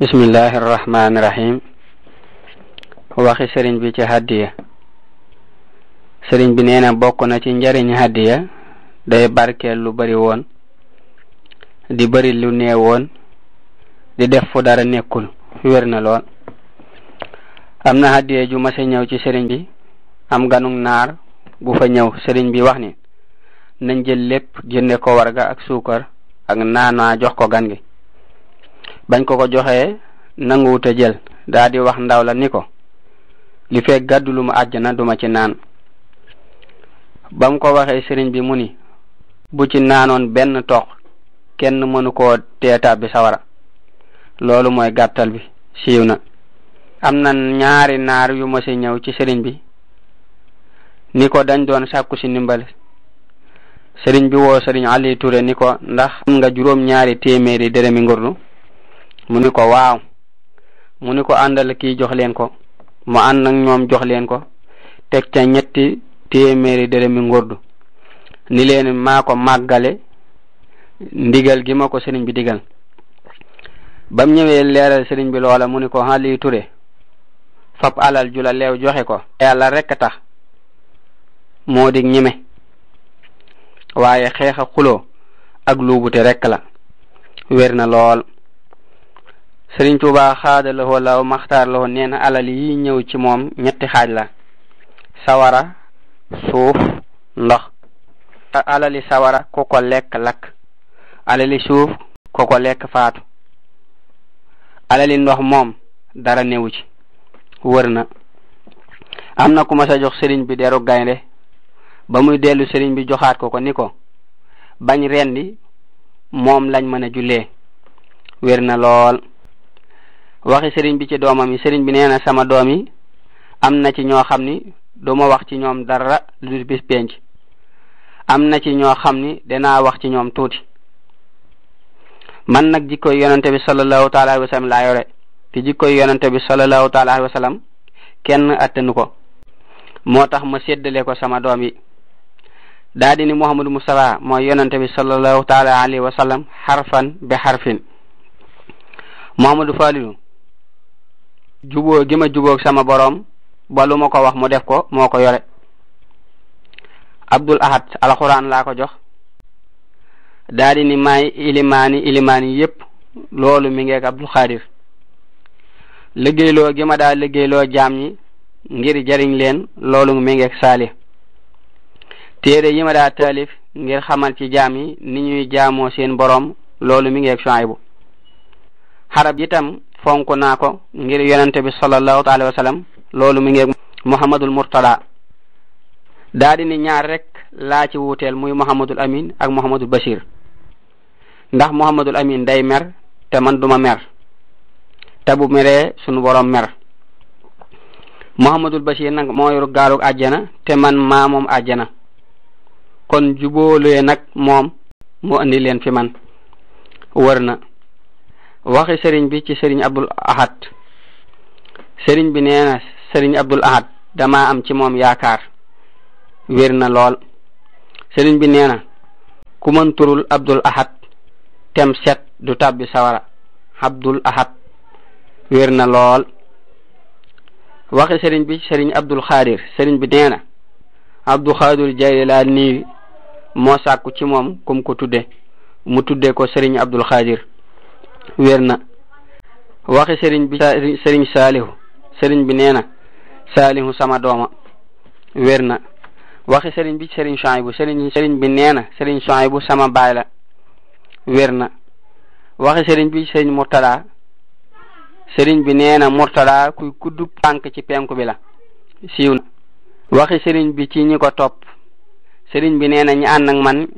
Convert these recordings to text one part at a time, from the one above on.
bismillahi irrahmani waxi sëriñ bi ci hàddiya sëriñ bi nee na bokk na ci njariñ hàddiya day barkeel lu bari woon di bari lu nee woon di def fu dara nekkul wér na lool am na hàddiya ju mas ñëw ci sëriñ bi am ganug naar bu fa ñëw sëriñ bi wax ni nañ jël lépp jënde ko warga ak suukar ak naanaa jox ko gan gi bañ ko ko joxee nanguwu tëjël daa di wax ndaw la ni ko li feek gàddu lu ma àjjana du ma ci naan ba mu ko waxee sëriñ bi mu ni bu ci naanoon benn toq kenn mënu koo teeta bi sawara loolu mooy gàttal bi siiw na am na ñaari naar yu ma si ñëw ci sëriñ bi ni ko dañ doon sàkku si ndimbale sëriñ bi woo sëriñ ali touré ni ko ndax am nga juróom ñaari téeméeri dërami ngurlu mu ni ko waaw mu ni ko àndal kii jox leen ko mu ànd ñoom jox leen ko teg ca ñetti téeméeri dërëmi ngordu ni leen maa ko màggale ndigal gi ma ko sëriñ bi digal bam ñëwee leeral sëriñ bi loola mu ni ko Aliou Touré fab alal ju la leew joxe ko yàlla rekk tax moo di ñeme waaye xeex a ak luubute rekk la wér na lool sëriñ tuuba xaada la wala maxtaar la nee na alal yi ñëw ci moom ñetti xaaj la sawara suuf ndox alali sawara ku ko lekk lakk alali suuf ku ko lekk faatu alali ndox moom dara newu ci wër na am na ku mas a jox sëriñ bi deru gaynde ba muy dellu sëriñ bi joxaat ko ko ni ko bañ rendi moom lañ mën a jullee wér na lool waxi sëriñ bi ci doomam yi sëriñ bi nee sama doom yi am na ci ñoo xam ni du ma wax ci ñoom dara lu dul bis penc am na ci ñoo xam ni danaa wax ci ñoom tuuti man nag jikkoy yonente bi sallallahu taala alihi wa laa yore te jikkoy yonente bi sallallahu taala alihi kenn attanu ko moo tax ma séddale ko sama doom yi daa di ni Muhammadu Mustafa mooy yonente bi sallallahu taala alihi wa sallam xarfan bi xarfin Muhammadu Falilu juboo gi ma jubóog sama boroom ba lu ko wax mu def ko moo ko yore abdul ahad alxuraan laa ko jox daa di ni maay ilimaani ilimaani yépp loolu mi ngeeg abdul xaadir liggéeyloo gi ma daa liggéeyloo jaam ñi ngir jariñ leen loolu mi ngeeg saali téere yi ma daa taalif ngir xamal ci jaam yi ni ñuy jaamoo seen boroom loolu mi ngeeg Shuaybu xarab itam fonk naa ko ngir yonente bi sallallahu taala wa sallam loolu mi ngi muhammadul murtada daa ni ñaar rek laa ci wuuteel muy muhammadul amin ak muhammadul bashir ndax muhammadul amin day mer te man duma mer te bu meree sunu borom mer muhammadul bashir nag moo yor gaalug te man maa moom àjjana kon jubóolee nag moom mu andi leen fi man wër waxi sëriñ bi ci sëriñ abdul ahad sëriñ bi nee na sëriñ abdul ahad dama am ci moom yaakaar wér na lool sëriñ bi nee na ku mën turul abdul ahad tem du tabbi sawara abdul ahad wér na lool waxi sëriñ bi sëriñ abdul xaadir sëriñ bi nee na abdul xaadir jaylaani moo sàkku ci moom kum ko tudde mu tudde ko sëriñ abdul xaadir wér na waxi sëriñ bi sëriñ saalihu sëriñ bi nee na saalihu sama dooma wér na waxi sëriñ bi sëriñ Suhaybu sëriñ sëriñ bi nee na sëriñ bu sama baay la wér na waxi sëriñ bi sëriñ Murtada sëriñ bi nee na Murtada kuy gudd pànk ci penku bi la siiw na waxi sëriñ bi ci ñi ko topp sëriñ bi nee na ñi ànd man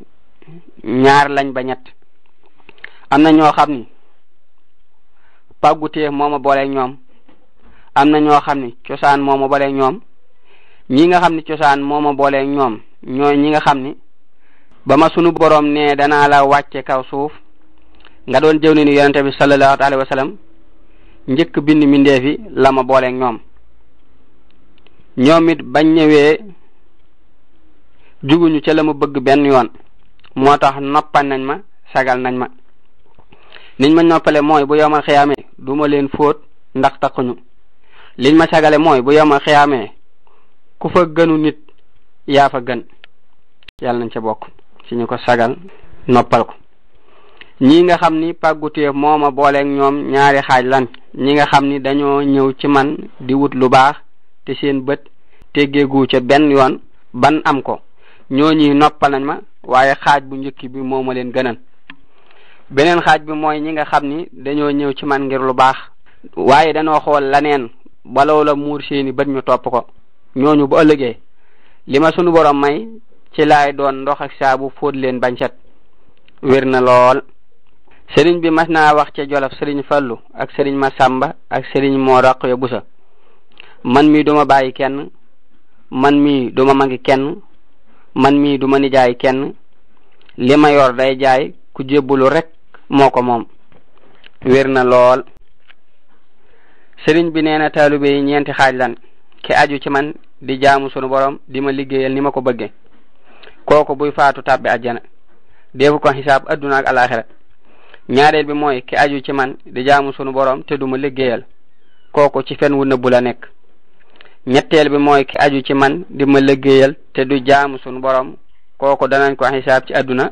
ñaar lañ ba ñett am na ñoo xam ni pagute moma bolé ñom amna ño xamni ciosan moma bolé ñom ñi nga xamni ciosan moma bolé ñom booleeg ñi nga xamni bama sunu borom ne dana la usuf. kaw suuf nga doon jëw ni yaronte bi sallallahu alaihi wasallam sallam bind mindeef yi la ma booleeg ñoom ñoom bañ ñëwee juguñu ci lama bëgg ben yoon motax nañ ma sagal nañ ma niñ ma noppale mooy bu yomal xiyaamee duma leen fóot ndax takkuñu liñ ma sagale mooy bu yomal xiyaamee ku fa gënu nit yaa fa gën yàlla nañ ci bokk ci ñu ko sagal noppal ko ñi nga xam ni pàggutéef moo ma booleeg ñoom ñaari xaaj lan ñi nga xam ni dañoo ñëw ci man di wut lu baax te seen bët teggeegu ca benn yoon ban am ko ñoo ñi noppal nañ ma waaye xaaj bu njëkk bi moo ma leen gënal beneen xaaj bi mooy ñi nga xam ni dañoo ñëw ci man ngir lu baax waaye dañoo xool laneen balaw la muur seeni bët ñu topp ko ñooñu bu ëllëgee li ma sunu borom may ci lay doon ndox ak saabu fóot leen bañ set wér na lool sëriñ bi mas naa wax ca jolof sëriñ fallu ak sëriñ ma sàmba ak sëriñ moo raq ya busa man mii duma bàyyi kenn man mii duma mangi kenn man mii duma nijaay kenn li ma yor day jaay ku jébbalu rek moo ko moom wér na lool sëriñ bi nee na taalibe ñeenti xaaj lan ki aju ci man di jaamu sunu borom di ma liggéeyal ni ma ko bëgge kooku buy faatu tàbbi ajjana deefu ko xisaab adduna ak alaxira bi mooy ki aju ci man di jaamu sunu borom te du ma liggéeyal kooku ci fen wu nëbbu la nekk ñetteel bi mooy ki aju ci man di ma liggéeyal te du jaamu sunu borom kooku danañ ko xisaab ci adduna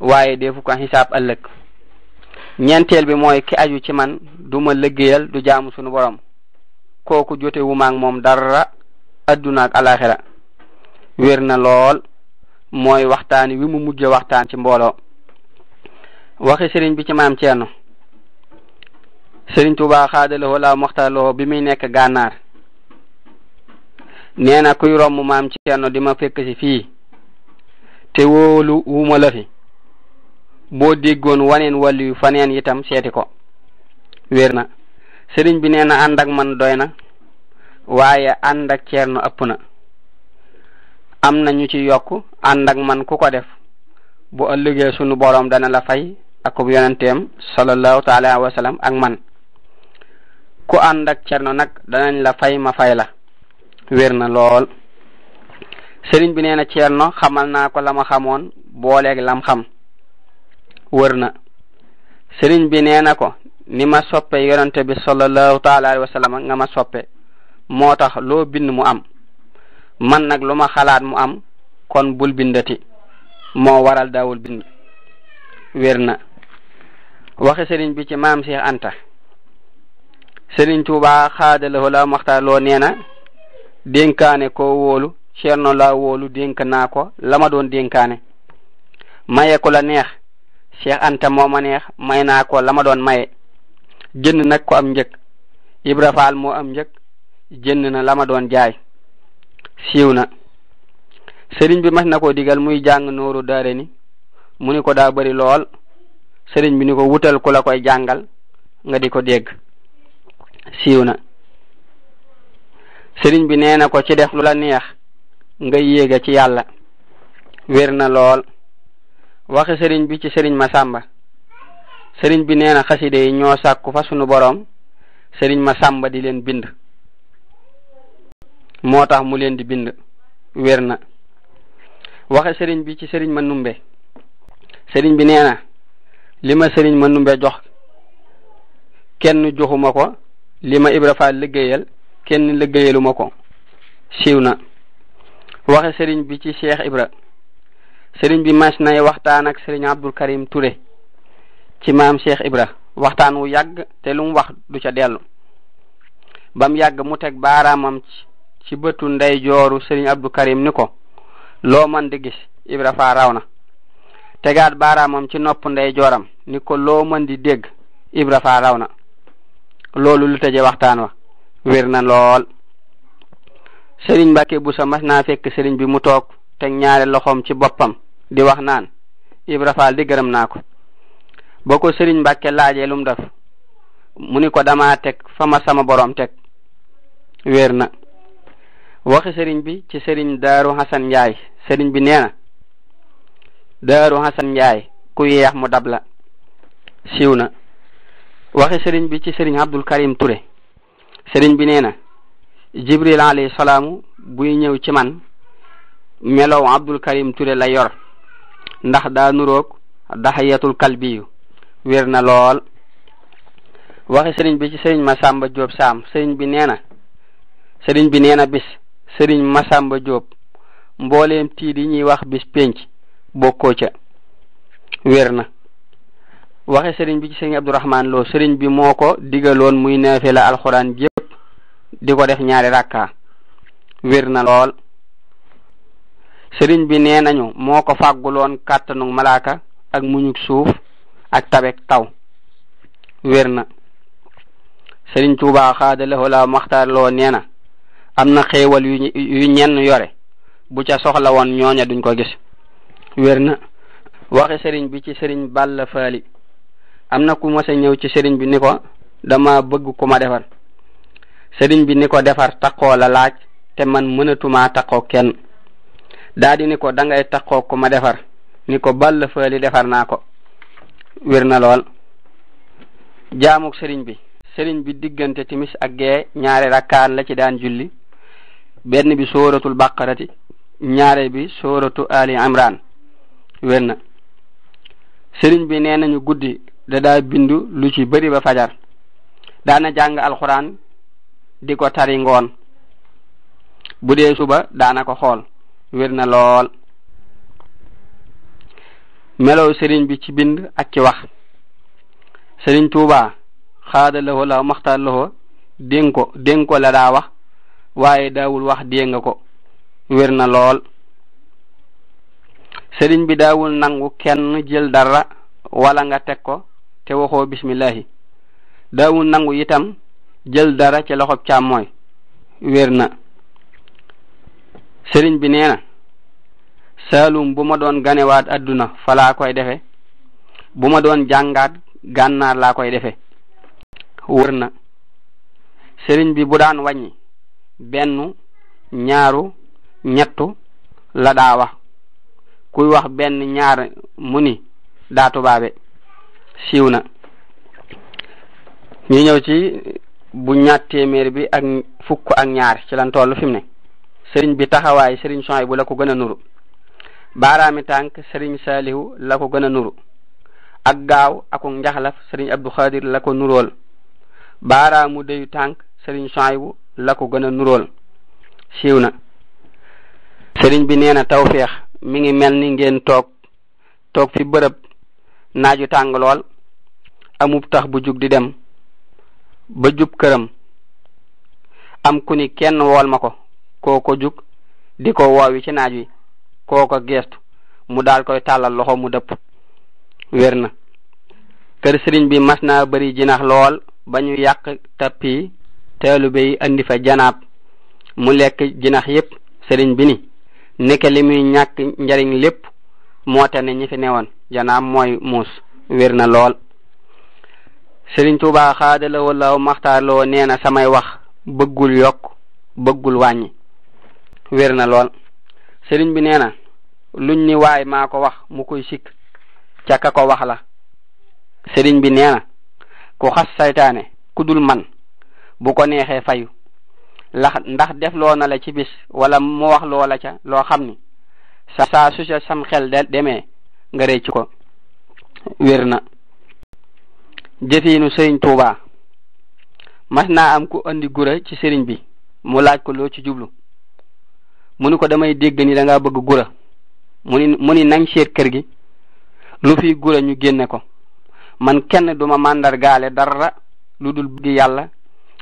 waaye deefu ko xisaab ëllëg ñeenteel bi mooy ki aju ci man duma ma liggéeyal du jaamu sunu borom kooku jote wu moom dara adduna ak alaxira wér na lool mooy waxtaan wi mu mujj waxtaan ci mbooloo waxi sëriñ bi ci maam Ceerno sëriñ Tuubaa xaadalowoo laa moxtaalowoo bi muy nekk gànnaar nee na kuy romb maam Ceerno di ma fekk si fii te woolu wuma la fi boo déggoon waneen wàllu yu faneen itam seeti ko wér na sëriñ bi nee na man doy na waaye ànd ak ceerno ëpp na am na ñu ci yokk ànd man ku ko def bu ëllëgee sunu boroom dana la fay ak bu yonenteem sallallahu taala wa ak man ku ànd ak cerno nag danañ la fay ma fay la wér na lool sëriñ bi nee na cerno xamal naa ko lama ma xamoon booleeg lam xam wër na sëriñ bi nee na ko ni ma soppe yonente bi sallallahu taala alayhi nga ma soppe moo tax loo bind mu am man nag lu ma xalaat mu am kon bul bindati moo waral daawul bind wér na waxi sëriñ bi ci maam Cheikh Anta sëriñ Tuubaa xaadalaho laa maxtaar loo nee na dénkaane koo wóolu ceerno laa wóolu dénk naa ko lama ma doon dénkaane maye ko la neex Cheikh Anta moo ma neex may naa ko la doon maye jënd nag ko am njëg Ibra Faal moo am njëg jënd na la ma doon jaay siiw na sëriñ bi mas na ko digal muy jàng nooru daare ni mu ni ko daa bari lool sëriñ bi ni ko wutal ku la koy jàngal nga di ko dégg siiw na sëriñ bi nee na ko ci def lu la neex nga yéega ci yàlla wér na lool waxi sëriñ bi ci sëriñ Masamba sëriñ bi nee xaside yi ñoo sàkku fa sunu boroom sëriñ Masamba di leen bind moo tax mu leen di bind wér na waxe sëriñ bi ci sëriñ ma numbe sëriñ bi nee lima li ma sëriñ ma numbe jox kenn joxuma ko li ma Ibra Faal liggéeyal kenn liggéeyalu ko siiw na waxe sëriñ bi ci Cheikh Ibra sëriñ bi mas na waxtaan ak sëriñ Abdul Karim Touré ci maam Cheikh Ibra waxtaan wu yàgg te lu wax du ca dellu bam yàgg mu teg baaraamam ci bëtu ndey jooru sëriñ Abdul Karim ni ko loo man di gis Ibra Faa raw na tegaat baaraamam ci nopp ndey jooram ni ko loo mën di dégg Ibra Faa raw na loolu lu tëje waxtaan wa wér na lool sëriñ Mbàkke bu sa mas naa fekk sëriñ bi mu toog teg ñaari loxoom ci boppam di wax naan Ibra Faal di gërëm naa ko ba ko Sëriñ Mbàkke laajee lu mu def mu ni ko dama teg fa sama borom teg wér na waxi sëriñ bi ci sëriñ Daaru Xasan Njaay sëriñ bi nee na Daaru Xasan Njaay ku yeex mu dab la siiw na waxi sëriñ bi ci sëriñ Abdul Karim Ture sëriñ bi nee na Jibril alayhi buy ñëw ci man melow Abdul Karim Ture la yor ndax daa nuroog daxayatul kalbiyu wér na lool waxi sëriñ bi ci sëriñ sàmba Diop Saam sëriñ bi nee na sëriñ bi nee na bis sëriñ Masamba jóob mbooleem tiit yi ñuy wax bis pénc bokkoo ca wér na waxe sëriñ bi ci sëriñ Abdourahman Lo sëriñ bi moo ko digaloon muy neefe la alxuraan yépp di ko def ñaari rakka wér na lool sëriñ bi nee nañu moo ko fàgguloon kàttanu malaaka ak muñuk suuf ak tabek taw wér na sëriñ Tuubaa xaadalaho la maxtaar loo nee na am na xéewal yu ñenn yore bu ca soxla woon ñooña duñ ko gis wér na waxe sëriñ bi ci sëriñ Balla Faali am na ku mos ñëw ci sëriñ bi ni ko dama bëgg ku ma defar sëriñ bi ni ko defar taqoo la laaj te man mënatumaa takkoo kenn daadi ni ko dangay taqoo ko ma defar ni ko ball feeli defar naa ko wér na lool jaamuk sëriñ bi sëriñ bi diggante timis ak gee ñaari rakkaan la ci daan julli benn bi sóoratul bàqarati ñaare bi sóoratu ali imran wér na sëriñ bi nee nañu guddi da daa bindu lu ci bëri ba fajar daana jàng alxuraan di ko tari ngoon bu dee suba daana ko xool wér na lool melow sëriñ bi ci bind ak ci wax sëriñ tuuba xaada lawo la maxtaar lawo dénk ko dénk ko la daa wax waaye dawul wax dée ko wér na lool sëriñ bi daawul nangu kenn jël dara wala nga teg ko te waxoo bismillahi daawul nangu itam jël dara ci loxob càmmooy wér na sëriñ bi nee na saalum bu ma doon ganewaat adduna fa laa koy defe bu ma doon jàngaat gànnaar laa koy defe wër na sëriñ bi bu daan wàññi benn ñaaru ñett la daa wax kuy wax benn ñaar mu ni daa tubaabe siiw na ñu ñëw ci bu ñaat téeméer bi ak fukk ak ñaar ci lan toll fi mu ne sëriñ bi taxawaay sëriñ bu la ko gën a nuru baaraami tànk sëriñ Saalihu la ko gën a nuru ak gaaw aku njaxlaf sëriñ Abdu Xaadir la ko nurool baaraamu dëyu tànk sëriñ Suhaybu la ko gën a nurool siiw na sëriñ bi nee na feex mi ngi mel ni ngeen toog toog fi bërëb naaju tàng lool amu tax bu jub di dem ba jub këram am ku ni kenn wool ma ko kooko jug di ko woowi ci naaj wi kooko geestu mu daal koy tàllal loxo mu dëpp wér na kër sëriñ bi mas naa bari jinax lool ba ñu yàq tappi taalube yi andi fa janaab mu lekk jinax yépp sëriñ bi ni neke li muy ñàkk njariñ lépp moo te ne ñi fi newoon janaab mooy muus wér na lool sëriñ Tuubaa xaadalawoo law maxtaarloo nee na samay wax bëggul yokk bëggul wàññi wér na lool sëriñ bi nee na luñ ni waay maa ko wax mu koy sikk caka ko wax la sëriñ bi nee na ku xas saytaane ku dul man bu ko neexee fayu lax ndax def loo na la ci bis wala mu wax loo ca loo xam ni sa saa su xel de demee nga rëcc ko wér na jëfiinu sëriñ tuubaa mas naa am ku andi gura ci sëriñ bi mu laaj ko loo ci jublu mu ni ko damay dégg ni da ngaa bëgg gura mu ni mu ni nañ seet kër gi lu fi gura ñu génne ko man kenn duma màndargaale dara lu dul bëgg yàlla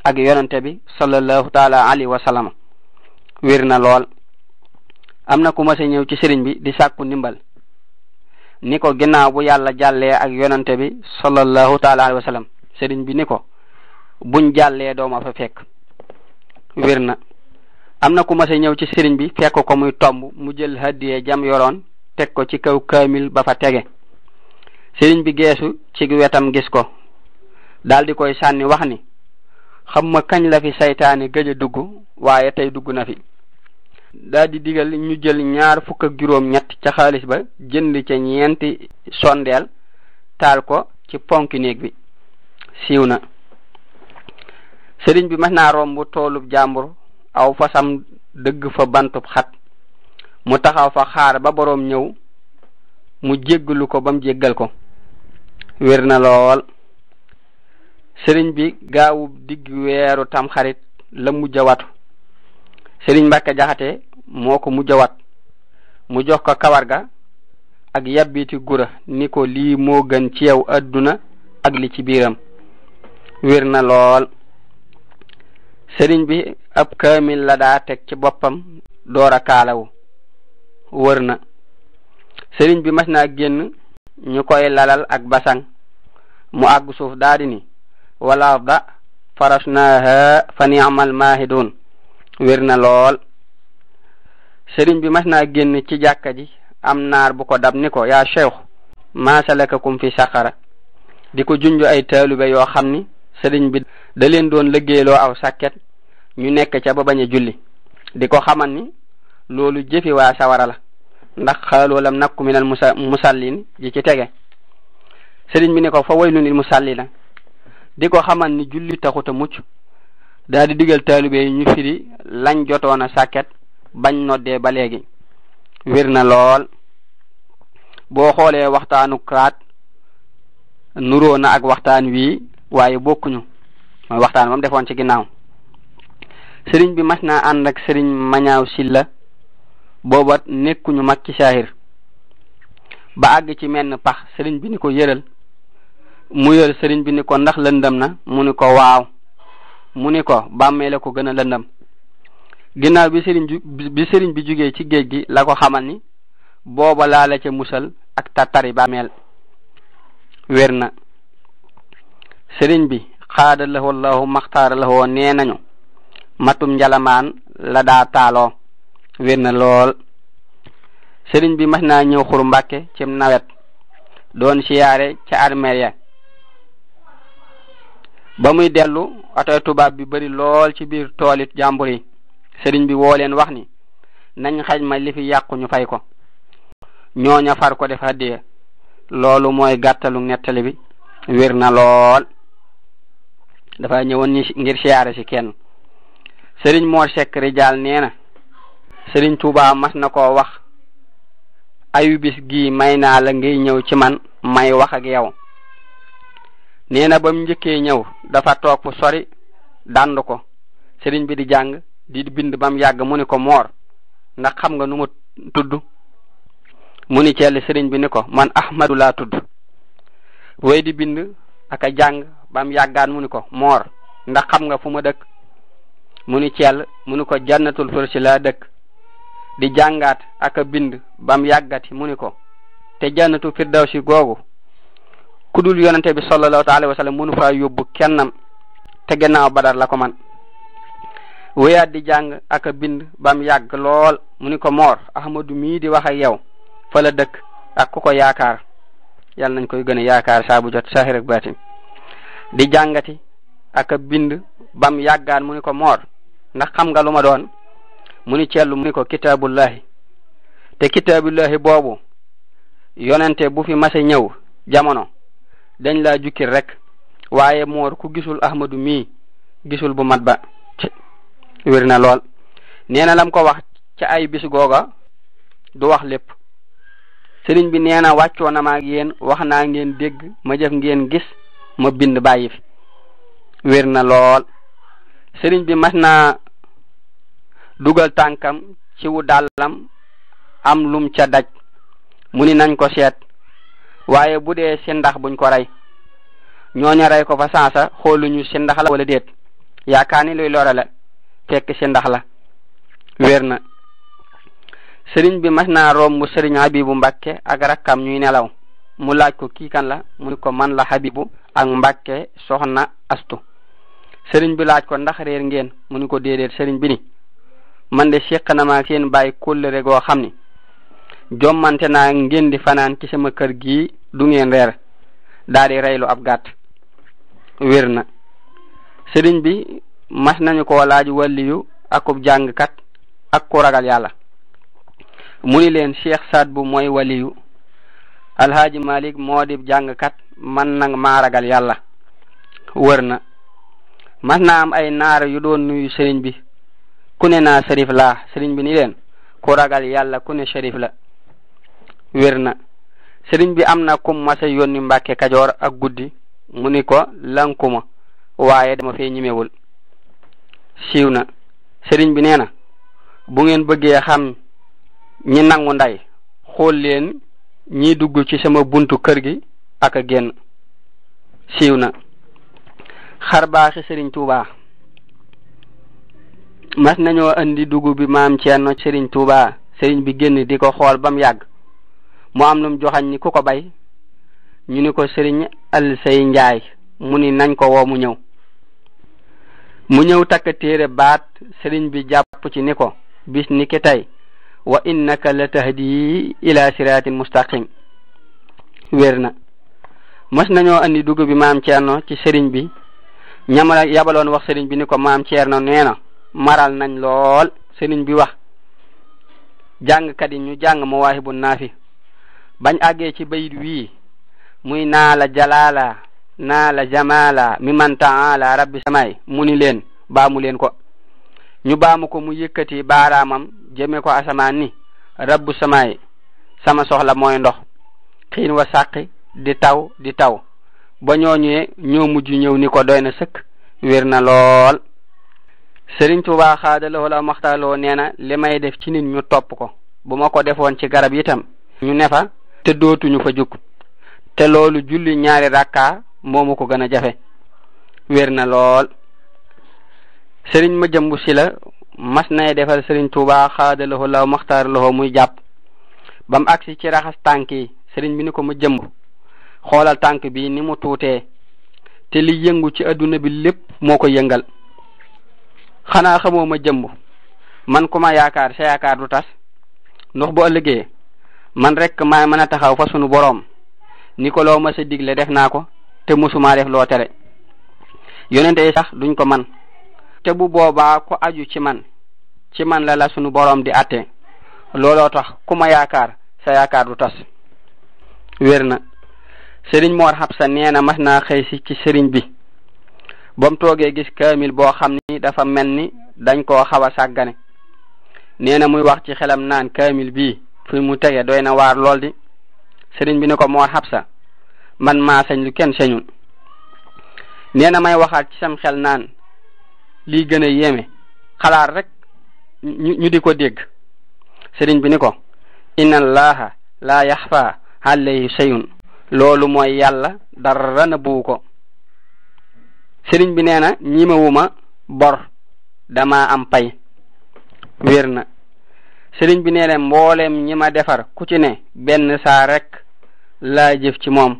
ak yonante bi sallallahu taala alayhi wa sallam na lool am na ku ma ñëw ci sëriñ bi di sàkku ndimbal ni ko ginnaaw bu yàlla jàllee ak yonante bi sallallahu taala alayhi wa sëriñ bi ni ko buñ jàllee dooma fa fekk wér am na ku ma a ñëw ci sëriñ bi fekk ko muy tomb mu jël hadiye jam yoroon teg ko ci kaw kaamil ba fa tege sëriñ bi geesu ci wetam gis ko daldi koy sànni wax ni xam kañ la fi seytaane gëj a dugg waaye tey dugg na fi daldi di digal ñu jël ñaar fukk ak juróom ñett ca xaalis ba jënd ca ñeenti sondeel taal ko ci ponk néeg bi siiw na sëriñ bi mas naa romb toolub jàmbur aw fasam dëgg fa bantu xat mu taxaw fa xaar ba boroom ñëw mu jéggalu ko ba mu jéggal ko wér na lool sëriñ bi gaawu digg weeru tamxarit la mujj a sëriñ Mbàkke Jaxate moo ko mujj wat mu jox ko kawar ga ak yabiti gura ni ko lii moo gën ci yow adduna ak li ci biiram wér na lool sëriñ bi ab kaamil la daa teg ci boppam door a kaalawu wër na sëriñ bi mas naa génn ñu koy lalal ak basang mu àgg suuf daadi ni wala da faras naa fa ni amal maahidun wér na lool sëriñ bi mas naa génn ci jàkka ji am naar bu ko dab ni ko yaa cheikh maasalaka kum fi saqara di ko junj ay taalube yoo xam ni sëriñ bi da leen doon liggéeyloo aw sàkket ñu nekk ca ba bañ julli di ko xamal ni loolu jëfi waa sawara la ndax xaaloo lam nakku minal musallin ji ci tege sëriñ bi ne ko fa waylun lil musallina di ko xamal ni julli taxut a mucc daal di digal taalibe yi ñu firi lañ jotoon a sàkket bañ noddee ba léegi wér na lool boo xoolee waxtaanu kraat nuroo na ak waxtaan wii waaye bokkuñu mooy waxtaan moom defoon ci ginnaaw sëriñ bi mas na ànd ak sëriñ mañaaw silla booba nekkuñu mag ci saahir ba àgg ci menn pax sëriñ bi ni ko yëral mu yër sëriñ bi ni ko ndax lëndëm na mu ni ko waaw mu ni ko bàmmee la ko gën a lëndëm ginnaaw bi sëriñ bi sëriñ bi jugee ci géej gi la ko xamal ni booba laa la ca musal ak tattari bàmmeel wér na sëriñ bi xaada lahu allahu maxtaara lahu nee nañu matum njalamaan la daa taaloo wér na lool sëriñ bi mas naa ñëw xuru mbàkke cim nawet doon siyaare ci armeel ya ba muy dellu otoy tubaab bi bari lool ci biir tooli jàmbur yi sëriñ bi woo wax ni nañ xajma ma fi yàquñu ñu fay ko ñooña far ko def hadiya loolu mooy gàttalu nettali bi wér na lool dafa ñëwoon ngir siyaare si kenn sëriñ Mor Seck Rijaal nee sëriñ Tuubaa mas na koo wax ayu bis gi may naa la ngay ñëw ci man may wax ak yow nee na ba njëkkee ñëw dafa toog fu sori dànd ko sëriñ bi di jàng di bind ba mu yàgg mu ni ko moor ndax xam nga nu ma tudd mu ni cell sëriñ bi ni ko man ahmadu laa tudd way di bind ak jàng bam yàggaan mu ni ko moor ndax xam nga fu ma dëkk mu ni ceel mu ni ko jannatul firsi laa dëkk di jàngaat ak a bind bam yàggati mu ni ko te jannatu firdawsi googu ku kudul yonente bi sallallahu taala wa sallam mënu faa yóbbu kennam te gannaaw badar la ko man wéyaat di jàng ak a bind bam yàgg lool mu ni ko moor ahmadu mii di wax ak yow fa la dëkk ak ku ko yaakaar yàlla nañ koy gën a yaakaar saa bu jot saahir di jàngati ak bind bam yàggaan mu ni ko moor ndax xam nga lu ma doon mu ni cellu mu ni ko kitaabullahi te kitaabullahi boobu yonente bu fi mase ñëw jamono dañ laa jukkir rek waaye moor ku gisul ahmadu mii gisul bu mat ba wér na lool nee na lam ko wax ca ay bis googa du wax lépp sëriñ bi nee na wàccoo na maag yéen wax naa ngeen dégg ma jëf ngeen gis ma bind bàyyi fi wér na lool sëriñ bi mas na dugal tànkam ci wu dàllam am lum ca daj mu ni nañ ko seet waaye bu dee si ndax buñ ko rey ñoo rey ko fa sansa xooluñu si ndax la walla déet yaakaar ni luy lore la fekk si ndax la wér na sëriñ bi mas naa romb sëriñ Habibu Mbàkke ak rakkam ñuy nelaw mu laaj ko kii kan la mu ni ko man la Habibu ak mbàkke soxna astu sëriñ bi laaj ko ndax réer ngeen mu ni ko déedéet sëriñ bi ni man de séq na ma seen bàyyi kóllëre goo xam ni jommante naa ngeen di fanaan ci sama kër gi du ngeen reer daal di reylu ab gàtt wér na sëriñ bi mas nañu ko laaj wàlliyu akub jàngkat ak ku ragal yàlla mu ni leen cheikh saat bu mooy waliyu alhaaji malik moo di jàngkat man nag maaragal yàlla wër na mas naa am ay naar yu doon nuyu sëriñ bi ku ne naa sharif laa sëriñ bi ni leen ku ragal yàlla ku ne sharif la wér na sëriñ bi am na kum masa yónni mbàkke kajoor ak guddi mu ni ko lankuma waaye dama fee ñimewul siiw na sëriñ bi nee na bu ngeen bëggee xam ñi nangu nday xool leen ñiy dugg ci sama buntu kër gi ak a génn siiw na xar baaxi sëriñ tuuba mas nañoo indi dugub bi maam Ceerno sëriñ tuuba sëriñ bi génn di ko xool ba mu yàgg mu am num joxañ ni ku ko bay ñu ni ko sëriñ al say njaay mu ni nañ ko woo mu ñëw mu ñëw takk téere baat sëriñ bi jàpp ci ni ko bis ni ki tey wa innaka la tahdi ila siraatin mustaqim wér na mas nañoo andi dugg bi maam Ceerno ci sëriñ bi ñamala yabaloon wax sëriñ bi ni ko maam Ceerno nee na maral nañ lool sëriñ bi wax jàngkat yi ñu jàng mawaahibu nafi bañ àggee ci bayit wii muy naa jalala jalaala naa la jamaala mi man taala rabbi samaay mu ni leen baamu leen ko ñu baamu ko mu yëkkati baaraamam jëmee ko asamaan ni rabbu samaay sama soxla mooy ndox xiin wa sàqi di taw di taw ba ñooñee ñoo mujj ñëw ni ko doy na sëkk wér na lool sëriñ Tuubaa xaadalawoo la nee na li may def ci nit ñu topp ko bu ma ko defoon ci garab itam ñu ne te dootuñu fa te loolu julli ñaari rakka moomu ko gën a jafe wér na lool jëmbu si mas nay defal sëriñ tuuba xaadalahoo maxtaar maxtaaralahoo muy jàpp ba mu agsi ci raxas tànk yi sëriñ bi ni ko ma jëmb xoolal tànk bi ni mu tuutee te li yëngu ci adduna bi lépp moo ko yëngal xanaa xamoo ma jëmb man ku ma yaakaar sa yaakaar du tas ndox bu ëllëgee man rekk maa mën a taxaw fa sunu boroom ni ko loo ma sa digle def naa ko te mosumaa def loo tere yonente yi sax duñ ko man te bu boobaa ku aju ci man ci man la la sunu boroom di atte looloo tax ku ma yaakaar sa yaakaar du tas wér na sëriñ Moor Xabsa nee na mas naa xëy si ci sëriñ bi ba mu toogee gis kaamil boo xam ni dafa mel ni dañ koo xaw a sàggane nee na muy wax ci xelam naan kaamil bii fi mu tegee doy na waar lool di sëriñ bi ni ko Moor Xabsa man ma sañ lu kenn señul nee may waxaat ci sam xel naan lii gën a yéeme xalaat rekk ñu di ko dégg sëriñ bi ni ko inna allaha laa yaxfa alayhi shayun loolu mooy yàlla dara na buu ko sëriñ bi nee na ñimewuma bor dama am pay wér na sëriñ bi nee na mboolem ñi ma defar ku ci ne benn saa rekk laa jëf ci moom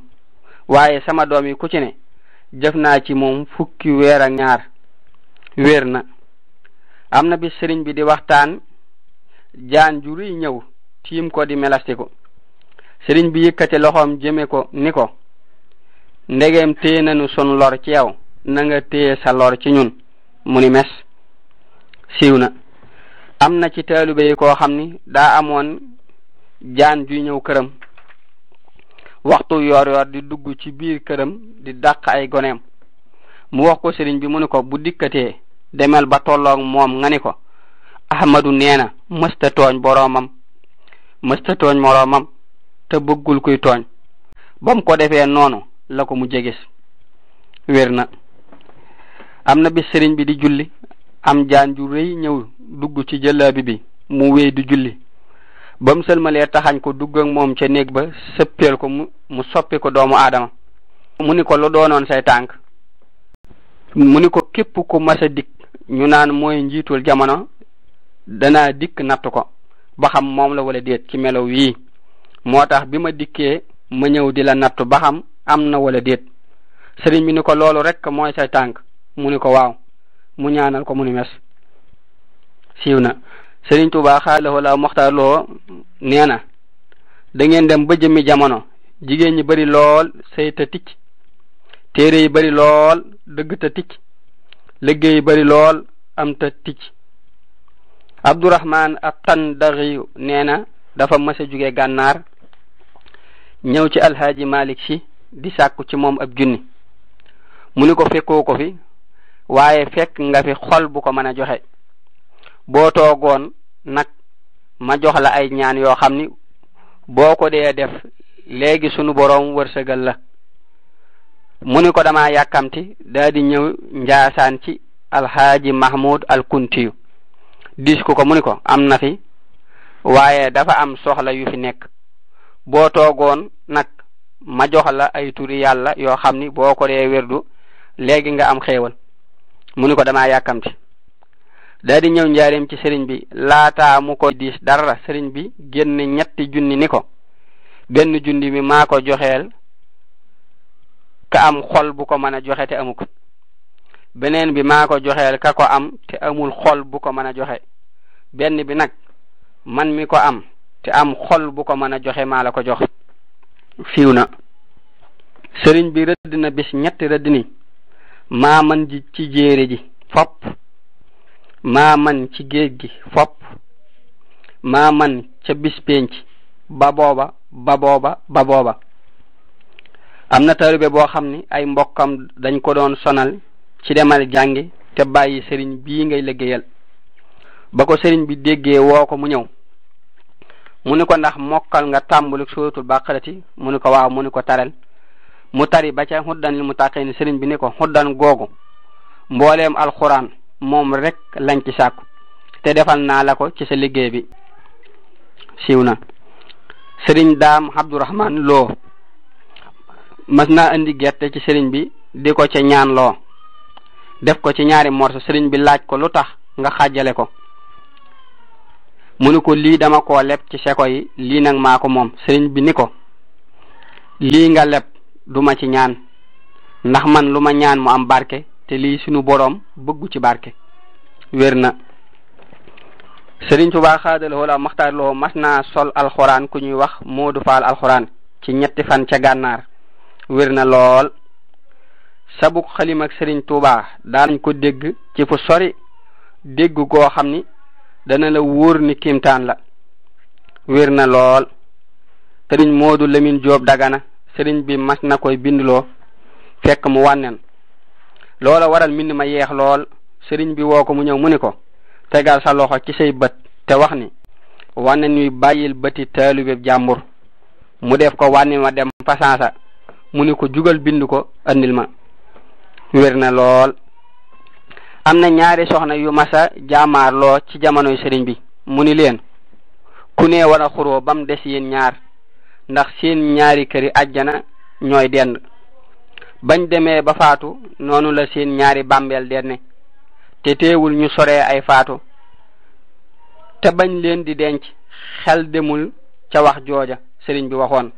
waaye sama doom yi ku ci ne jëf naa ci moom fukki weer ak ñaar wér na am na bi sëriñ bi di waxtaan jaan juri ñëw tiim ko di melastiku sëriñ bi yëkkati loxoom jëme ko ni ko ndegeem téye nañu sun lor ci yow nanga téye sa lor ci ñun mu ni mes siiw na am na ci taalibe yi koo xam ni daa amoon jaan juy ñëw këram waxtu yoor yoor di dugg ci biir këram di daq ay goneem mu wax ko sëriñ bi mu ni ko bu dikkatee demal ba tolloog moom nga ni ko ahmadu nee na mësta tooñ boroomam mësta tooñ moroomam te bëggul kuy tooñ ba mu ko defee noonu la ko mu jegis wér na am na bis sëriñ bi di julli am jaan ju rëy ñëw dugg ci jëllaabi bi mu wéy di julli ba mu sëlmalee taxañ ko dugg moom ca néeg ba sëppeel ko mu ko doomu aadama mu ni ko lu doonoon say tànk mu ko képp ku mas ñu naan mooy njiitul jamono danaa dikk natt ko ba xam moom la wala déet ci melow yii moo tax bi ma dikkee ma ñëw di la nattu ba xam am na wala déet sëriñ bi ni ko loolu rek mooy say tànk mu ni ko waaw mu ñaanal ko mu ni mes siiw na sëriñ Tuubaa xaalaxoo la moxtaar loo nee na da ngeen dem ba jëmmi jamono jigéen ñi bari lool sëy ta ticc téere yi bari lool dëgg ta liggéey bari lool am ta tic abdourahman ak tandaxiyu nee na dafa mës a jóge gànnaar ñëw ci alxaaji malik si di sàkku ci moom ab junni mu ni ko fekkoo ko fi waaye fekk nga fi xol bu ko mën joxe boo toogoon nag ma jox la ay ñaan yoo xam ni boo ko dee def léegi sunu boroom wërsëgal la mu ni ko dama yàkkamti daa di ñëw njaasaan ci alxaaji mahmud al kuntiyu dis ko ko mu ni ko am na fi waaye dafa am soxla yu fi nekk boo toogoon nag ma jox la ay turi yàlla yoo xam ni boo ko dee wérdu léegi nga am xéewal mu ni ko dama yàkkamti daa di ñëw njaareem ci sëriñ bi laata mu ko diis dara sëriñ bi génn ñetti junni ni ko benn junni bi maa ko joxeel ka am xol bu ko mën a joxe te amu ko beneen bi maa ko joxeel ka ko am te amul xol bu ko mën a joxe benn bi nag man mi ko am te am xol bu ko mën a joxe maa la ko jox siiw na sëriñ bi rëdd bis ñetti rëdd ni maa man ji ci jéere ji fopp maa man ci géej gi fopp ma man ca bis penc ba booba ba booba ba booba am na taalibe boo xam ni ay mbokkam dañ ko doon sonal ci demal jàngi te bàyyi sëriñ bii ngay liggéeyal ba ko sëriñ bi déggee woo ko mu ñëw mu ni ko ndax mokkal nga tàmbali suuratul baqarati mu ni ko waaw mu ni ko taral mu tari ba ca xuddan li mu tàqee ni sëriñ bi ni ko xuddan googu mbooleem alxuraan moom rekk lañ ci sàkku te defal naa la ko ci sa liggéey bi siiw na sëriñ daam abdourahman loo mas naa indi gerte ci sëriñ bi di ko ci ñaan loo def ko ci ñaari morso sëriñ bi laaj ko lu tax nga xàjjale ko mu ni ko lii dama ko leb ci seko yi lii nag maa ko moom sëriñ bi ni ko lii nga leb duma ci ñaan ndax man lu ma ñaan mu am barke te lii sunu boroom bëggu ci barke wér na sëriñ Tuubaa xaadalawoo la maxtaar loo mas naa sol alxuraan ku ñuy wax Moodu Faal alxuraan ci ñetti fan ca gànnaar wér na lool sabuk xalim ak sëriñ tuuba daanañ ko dégg ci fu sori dégg goo xam ni dana la wóor ni kiimtaan la wér na lool sëriñ moodu lamin joob dagana sëriñ bi mas na koy bindloo fekk mu wànnen loola waral mbind ma yeex lool sëriñ bi woo ko mu ñëw mu ni ko tegal sa loxo ci say bët te wax ni wànnen wi bàyyil bëti taalubeb jàmbur mu def ko wànnin ma dem fasansa mu ne ko jugal bind ko andil ma wér na lool am na ñaari soxna yu masa loo ci jamonoy sëriñ bi mu ni leen ku ne war a xuroo ba des yéen ñaar ndax seen ñaari këri ajjana ñooy dend bañ demee ba faatu noonu la seen ñaari bàmbeel denne te teewul ñu sore ay faatu te bañ leen di denc xel demul ca wax jooja sëriñ bi waxoon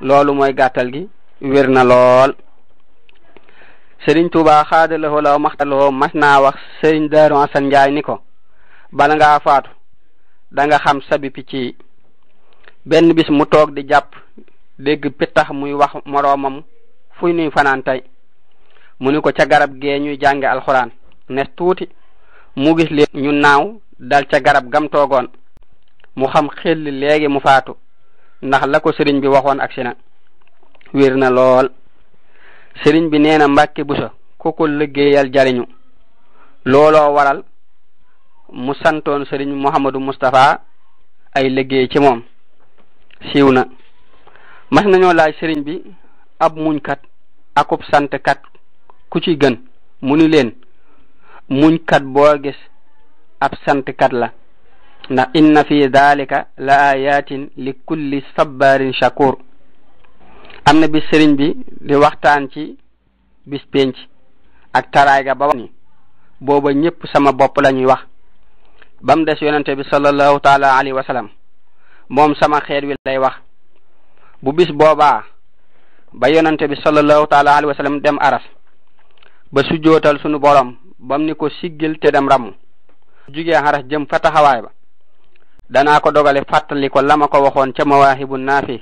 loolu mooy gàttal gi wér na lool sëriñ Tuuba xaadalawoo law maxtalawoo mas naa wax sëriñ Daaru Asan Njaay ni ko bala ngaa faatu danga nga xam sabi picc yi benn bis mu toog di jàpp dégg pittax muy wax moroomam fuy nuy fanaan tey mu ni ko ca garab gee ñuy jànge alxuraan nes tuuti mu gis leen ñu naaw dal ca garab gam toogoon mu xam xel léegi mu faatu ndax la ko sëriñ bi waxoon ak na wér na lool sëriñ bi neena na mbàkke busa ku ko liggéeyal jariñu looloo waral mu santoon sëriñ Mouhamadou Moustapha ay liggéey ci moom siiw na mas nañoo laaj sëriñ bi ab muñkat akub santkat ku ci gën mu ni leen muñkat boo gis ab santkat la ndax inna fi dalika la ayatin li kulli sabbarin shakur am na bis sëriñ bi di waxtaan ci bis penc ak taraay ga ba wax ni booba ñëpp sama bopp la ñuy wax bam mu des yonente bi sallallahu taala alayhi moom sama xeet wi lay wax bu bis boobaa ba yonente bi sallallahu taala alayhi wa dem aras ba su jootal sunu borom bam ni ko siggil te dem ramu jugee aras jëm fa taxawaay ba danaa ko dogale fàttali ko la ma ko waxoon ca bu naafi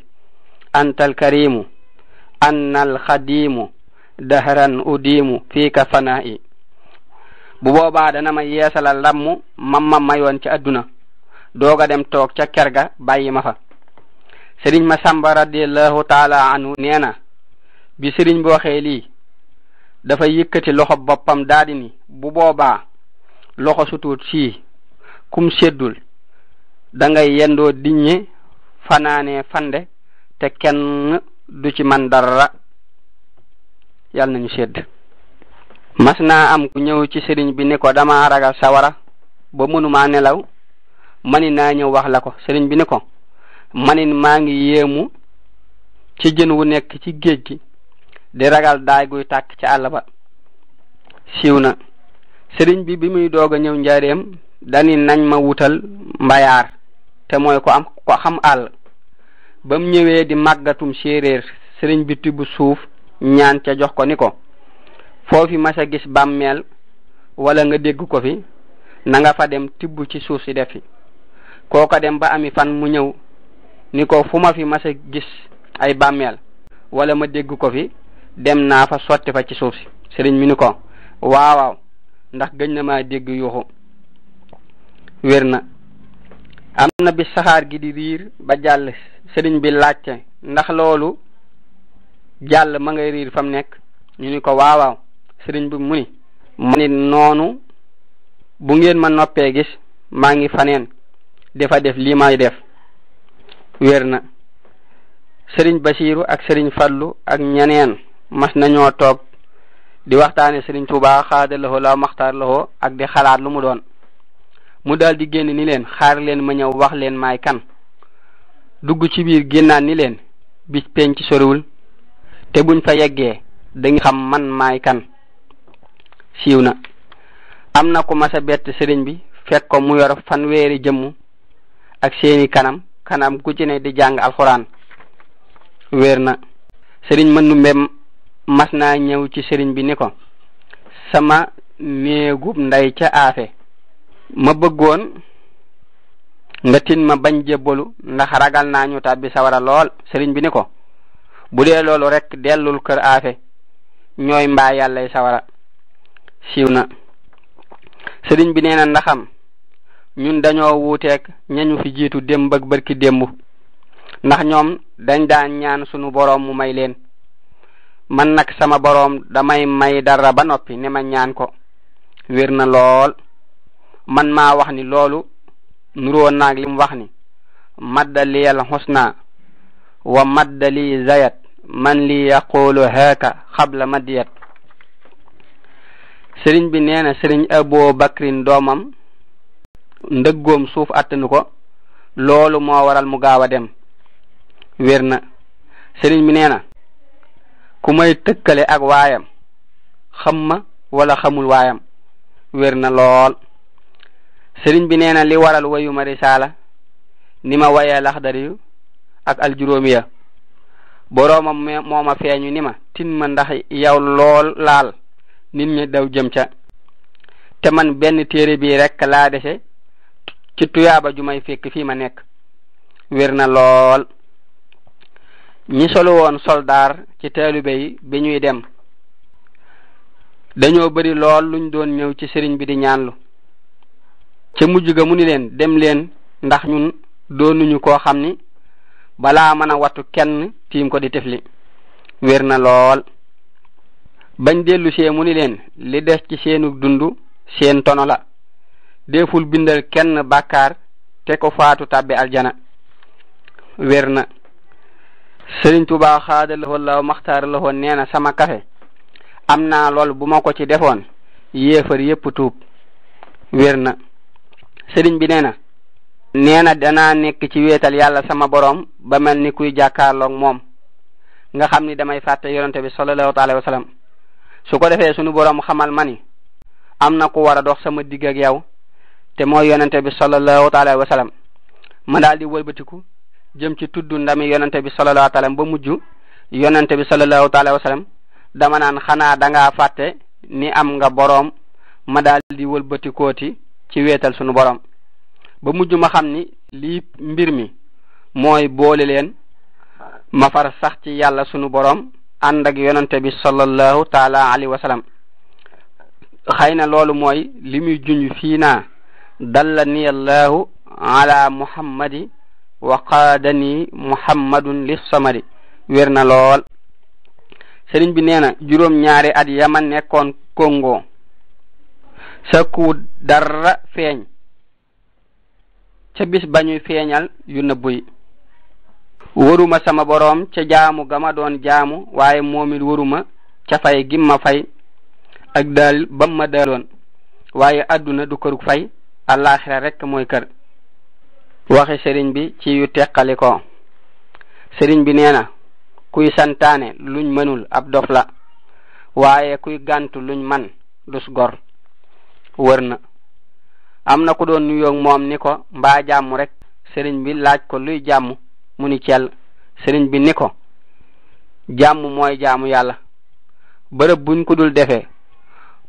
antal karimu an alxadiimu dahran udiimu fii ka fanaa'i bu boobaa dana ma yeesala lammu mam ma mayoon ci adduna dooga dem toog ca kerga bàyyi ma fa sëriñ ma sàmba radiallahu taala anhu nee na bi sëriñ bo xee lii dafa yëkkati loxo boppam daadi ni bu boobaa loxo sutuut sii kum seddul da yendoo diñe fanaanee fande te kenn du ci man dara yàlla nañu sedd mas naa am ku ñëw ci sëriñ bi ne ko dama ragal sawara ba mënumaa nelaw mani naa ñëw wax la ko sëriñ bi ne ko manin maa ngi yéemu ci jën wu nekk ci géej gi di ragal daay guy tàkk ci àll ba siiw na sëriñ bi bi muy doog a ñëw njaareem dani nañ ma wutal mbayaar te mooy ko am ko xam àll ba mu ñëwee di màggatum séeréer sëriñ bi tibb suuf ñaan ca jox ko ni ko foofi mas a gis bàmmeel walla nga dégg ko fi nanga fa dem tibb ci suuf si def fi ko dem ba ami fan mu ñëw ni ko fu ma fi mas a gis ay bàmmeel walla ma dégg ko fi dem naa fa sotti fa ci suuf si sëriñ mi ni ko waawaaw ndax gëñ na maa dégg yuuxu wér na am na bi saxaar gi di riir ba jàll sëriñ bi laajte ndax loolu jàll ma ngay riir fam nekk ñu ni ko waawaaw sëriñ bi mu ni ma ni noonu bu ngeen ma noppee gis maa ngi faneen defa def lii may def wér na sëriñ Basiiru ak sëriñ Fallu ak ñeneen mas nañoo toog di waxtaane sëriñ Tuubaa xaada loxo la maxtaar loxo ak di xalaat lu mu doon mu daldi di génn ni leen xaar leen ma ñëw wax leen maay kan dugg ci biir génnaan ni leen bis penc soriwul te buñ fa yeggee dañu xam man maay kan siiw na am na ku masa bett sëriñ bi fekk ko mu yor fanweeri jëmm ak seeni kanam kanam ku ci ne di jàng alxuraan weer na sëriñ mën numbe mas naa ñëw ci sëriñ bi ni ko sama néegub ndey ca aafe ma bëggoon nga tin ma bañ jébbalu ndax ragal naa ñu bi sawara lool sëriñ bi ni ko bu dee loolu rekk dellul kër aafe ñooy mbaa yàllay sawara siiw na sëriñ bi nee na ndaxam ñun dañoo wuuteeg ñañu fi jiitu démb ak bërki démb ndax ñoom dañ daan ñaan sunu boroom mu may leen man nag sama boroom damay may dara ba noppi ne ma ñaan ko wér na lool man maa wax ni loolu nuroo naag li mu wax ni madda liyal xusna wa madda zayat man li yaqulu haaka xabla madiyat sëriñ bi nee na sëriñ aboo bakrin doomam ndëggoom suuf attanu ko loolu moo waral mu gaaw a dem wér na sëriñ bi nee na ku may tëkkale ak waayam xam ma wala xamul waayam wér na lool sëriñ bi nee na li waral wayuma risaala ni ma wayee laxdari yu ak aljuróomi ya boroomam moo ma feeñu ni ma tin ma ndax yow lool laal nit ñu daw jëm ca te man benn téere bii rekk laa dese ci tuyaaba ju may fekk fii ma nekk wér na lool ñi solo woon soldaar ci taalibe yi bi ñuy dem dañoo bari lool luñ doon ñëw ci sëriñ bi di ñaanlu ci mujj ga mu ni leen dem leen ndax ñun doonuñu koo xam ni balaa mën a wattu kenn tiim ko di tifli wér na lool bañ dellu mu ni leen li des ci seenu dund seen tono la deful bindal kenn bakkaar te ko faatu tàbbi aljana wér na sëriñ Tuubaa xaadalaxoo law maxtaaralaxoo nee na sama kafe am na lool bu ma ko ci defoon yéefar yépp tuub wér na sëriñ bi nee na nee na danaa nekk ci weetal yàlla sama boroom ba mel ni kuy jàkkaarlook moom nga xam ni damay fàtte yonente bi sallallahu alayhi wa su ko defee sunu boroom xamal ma ni am na ku war a dox sama digg ak yow te mooy yonente bi sallallahu alayhi wa sallam ma daal di wëlbatiku jëm ci tudd ndami yonente bi sallallahu alayhi ba mujj yonente bi sallallahu alayhi wa sallam dama naan xanaa danga fàtte ni am nga boroom ma daal di walbatikooti ci weetal sunu boroom ba mujj ma xam ni lii mbir mi mooy boole leen ma far sax ci yàlla sunu borom ànd ak yonante bi sallallahu taala alayhi wa sallam xëy na loolu mooy li muy junj dalla ni allahu ala muhammadi wa qaadani muhammadun li samadi wér lool sëriñ bi nee na juróom ñaari at yama nekkoon Congo sakku darra feeñ ca bis ba ñuy feeñal yu nëbbu yi waruma sama boroom ca jaamu gama doon jaamu waaye moom it waruma ca fay gim ma ak daal bam ma daaloon waaye àdduna du kërug fay àllaaxira rekk mooy kër waxe sëriñ bi ci yu teqali sëriñ bi nee na kuy santaane luñ mënul ab dof la waaye kuy gàntu luñ man dus gor wër na am na ku doon nuyoog moom ni ko mbaa jàmm rekk sëriñ bi laaj ko luy jàmm mu ni cel sëriñ bi ni ko jàmm mooy jaamu yàlla bërëb buñ ko dul defee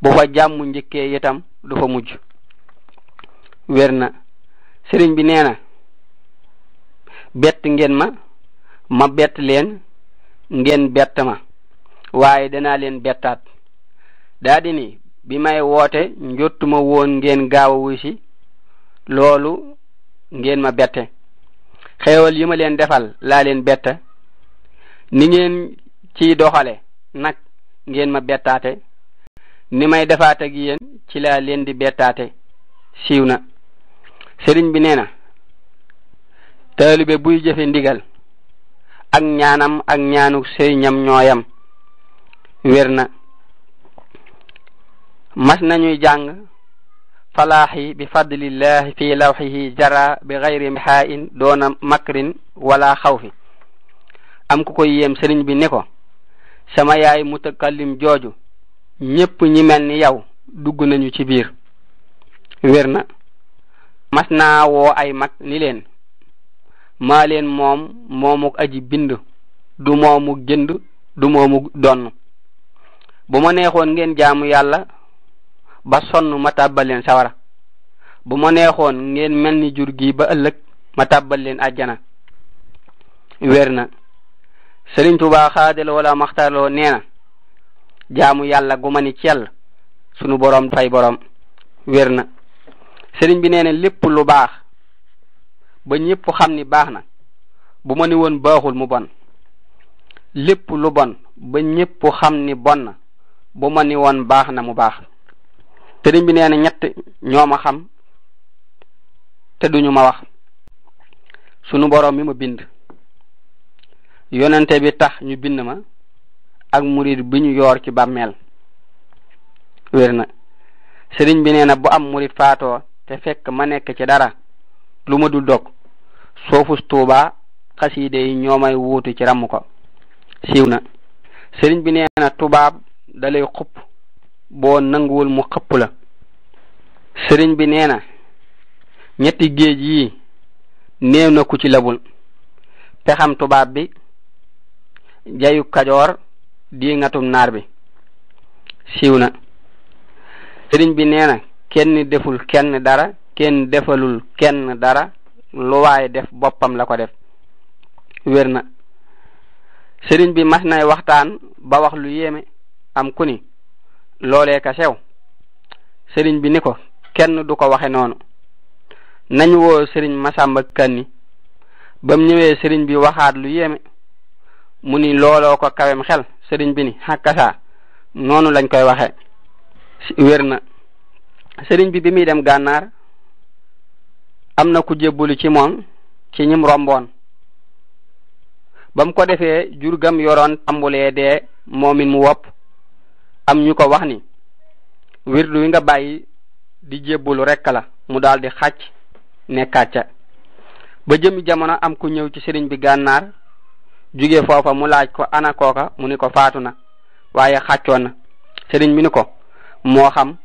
bu fa jàmm njëkkee itam du fa mujj wér na sëriñ bi nee na bett ngeen ma ma bett leen ngeen bett ma waaye danaa leen bettaat daa bi may woote njottuma woon ngeen gaaw a wuy si loolu ngeen ma bette xewal yi ma leen defal laa leen betta ni ngeen ciy doxale nag ngeen ma bettaate ni may defaate gi yéen ci laa leen di bettaate siiw na sëriñ bi nee na taalibe buy jëfe ndigal ak ñaanam ak ñaanu sëriñam ñooyam wér na mas nañuy jàng falaaxi bi fadlillahi fi lawxihi jara bi gayri mixaayin doona makrin wala xawfi am ku ko yéem sëriñ bi ni ko sama yaay mutakallim jooju ñépp ñi mel ni yow dugg nañu ci biir wér na mas naa woo ay mag ni leen maa leen moom moomuk aji bind du moomu jënd du moomu donn bu ma neexoon ngeen jaamu yàlla ba sonn ma tàbbal sawara bu ma neexoon ngeen mel ni jur gi ba ëllëg ma tàbbal leen àjjana wér na Sëriñ Tuubaa xaadal wala maxtaarloo nee na jaamu yàlla gu ma ni ci yàlla sunu boroom fay boroom wér na sëriñ bi nee lépp lu baax ba ñëpp xam ni baax na bu ma ni woon baaxul mu bon lépp lu bon ba ñépp xam ni bon na bu ma ni woon baax na mu baax sëriñ bi neena ñett ñoo ma xam te ma wax sunu boroom mi ma bind yonente bi tax ñu bind ma ak murid bi ñu yoor ci bàmmeel wér na sëriñ bi nee na bu am murid faatoo te fekk ma nekk ci dara lu ma dul dog soofus tuuba xasiide yi ñoomay may ci ramm ko siiw na sëriñ bi nee tubaab dalay xupp boo nanguwul mu xëpp la sëriñ bi nee na ñetti géej yi néew na ku ci labul pexam tubaab bi jayu kajoor di ngatum naar bi siiw na sëriñ bi neena kenn deful kenn dara kenn defalul kenn dara lu waaye def boppam la ko def wér na sëriñ bi mas nay waxtaan ba wax lu yéeme am ku ni loolee ka sew sëriñ bi ni ko kenn du ko waxe noonu nañ woo sëriñ Masamba Kanni ba mu ñëwee sëriñ bi waxaat lu yéeme mu ni looloo ko kawem xel sëriñ bi ni kasa noonu lañ koy waxe wér na sëriñ bi bi muy dem gànnaar am na ku jébbulu ci moom ci ñim romboon bam ko defee jur gam yoroon tambulee dee moomin mu wopp am ñu ko wax ni wirdu wi nga bàyyi di jébbalu rekk la mu daldi di xàcc nekkaat ca ba jëmi jamono am ku ñëw ci sëriñ bi gànnaar jóge foofa mu laaj ko ana mu ni ko faatu na waaye xàccoon na sëriñ bi ni ko moo xam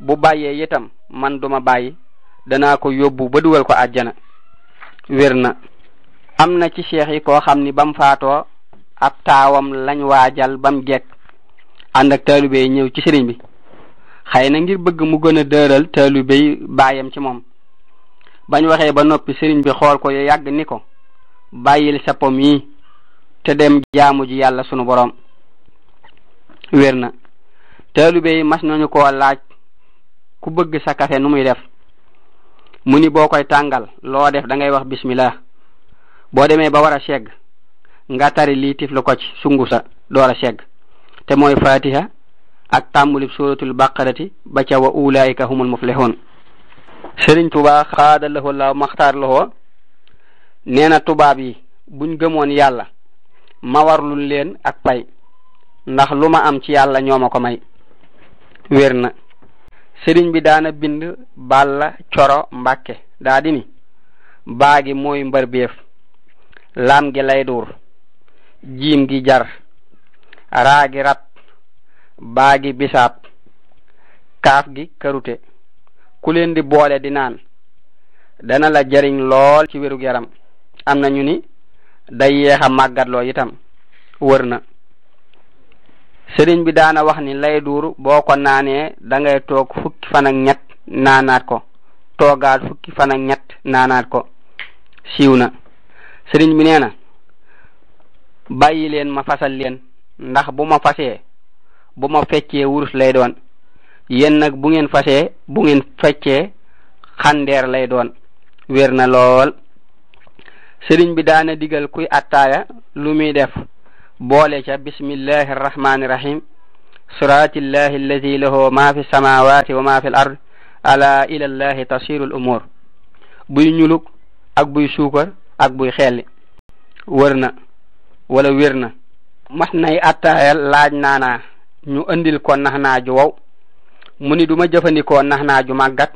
bu bàyyee itam man duma bàyyi dana ko yóbbu ba dugal ko àjjana wér na am na ci seex yi koo xam ni bam faatoo ab taawam lañ waajal bam jekk ànd ak taalibe yi ñëw ci sëriñ bi xëy na ngir bëgg mu gën a dëral taalibe yi bàyyam ci moom bañ waxee ba noppi sëriñ bi xool ko yu yàgg ni ko bàyyil sa pom yi te dem jaamu ji yàlla sunu boroom wér na taalibe yi mas nañu ko laaj ku bëgg sa kafe nu muy def mu ni boo koy tàngal loo def da ngay wax bismillah boo demee ba war a segg nga tari lii tiflu ko ci sungu sa door a segg te mooy fatiha ak tàmbulib suratul baqarati ba ca wa ulaika humul muflihun sëriñ tubaa xaada lahoo la maxtaar lahoo nee tubaab yi buñ gëmoon yàlla ma warlul leen ak pay ndax lu ma am ci yàlla ñoo ma ko may wér na sëriñ bi daana bind balla coro mbàkke daa di ni baagi mooy mbër béef laam gi lay duur jiim gi jar raagi rat baagi bisaab kaaf gi karute ku leen di boole di naan dana la jariñ lool ci wérug yaram am na ñu ni day yeex a màggatloo itam wër na sëriñ bi daana wax ni lay duur boo ko naanee da ngay toog fukki fan ak ñett naanaat ko toogaat fukki fan ak ñett naanaat ko siiw na sëriñ bi nee na bàyyi leen ma fasal leen ndax bu ma fasee bu ma feccee wurus lay doon yéen nag bu ngeen fasee bu ngeen feccee xandeer lay doon wér na lool sëriñ bi daana digal kuy attaaya lu muy def boole ca bismillahi arrahmani irrahim suratillahi ma fi samawati wa ma fi l ard ala ilallahi tasiru l umur buy ñuluk ak buy suukar ak buy xelli wër na wala wér na mas nay attaayal laaj naanaa ñu andil ko nax naa ju wow mu ni duma ma jëfandikoo nax naa ju màggat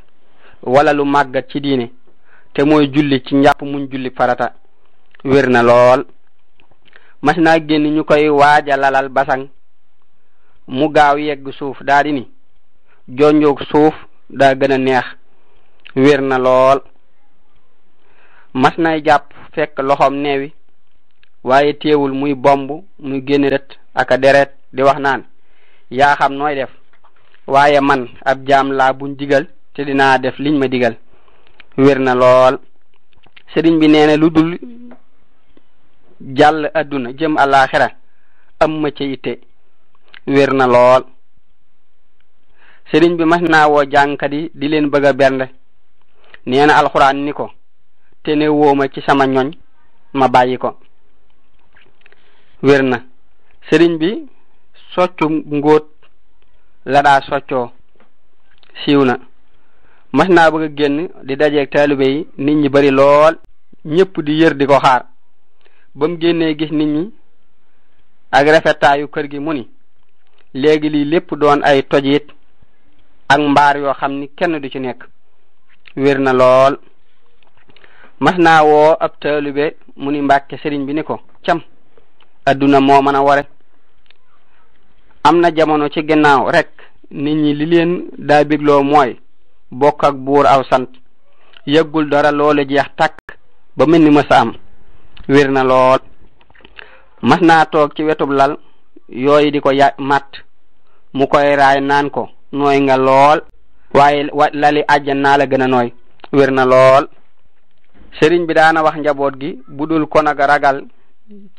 walla lu màggat ci diine te mooy julli ci njàpp muñ julli farata wér na lool mas naa génn ñu koy waaja lalal basang mu gaaw yegg suuf daa di ni jonjoog suuf daa gën a neex wér na lool mas nay jàpp fekk loxoom neewi waaye teewul muy bomb mu génn ret aka deret di wax naan yaa nooy def waaye man ab jaam laa buñ digal te dinaa def liñ ma digal wér na lool sëriñ bi nee lu dul jàll adduna jëm àllaaxira am ma ca itte wér na lool sëriñ bi mas naa woo jàngkat yi di leen bëgg a bernde nee alxuraan ni ko te ne woo ci sama ñoñ ma bàyyi ko wér na sëriñ bi soccu ngóot la daa soccoo siiw na mas naa bëgg a génn di dajeeg taalibe yi nit ñi bari lool ñépp di yër di ko xaar ba mu génnee gis nit ñi ak rafetaayu kër gi mu ni léegi lii lépp doon ay tojit ak mbaar yoo xam ni kenn du ci nekk wér na lool mas naa woo ab taalibe mu ni mbàkke sëriñ bi ni ko cam adduna moo mën a ware am na jamono ci ginnaaw rek nit ñi li leen daa bégloo mooy bokk ak buur aw sant yëggul dara loolu jeex takk ba mel ni mës am wér na lool mas naa toog ci wetub lal yooyu di ko ya matt mu koy raay naan ko nooy nga lool waaye lali àjjan naa la gën a nooy wér lool sëriñ bi daana wax njaboot gi budul kon ak ragal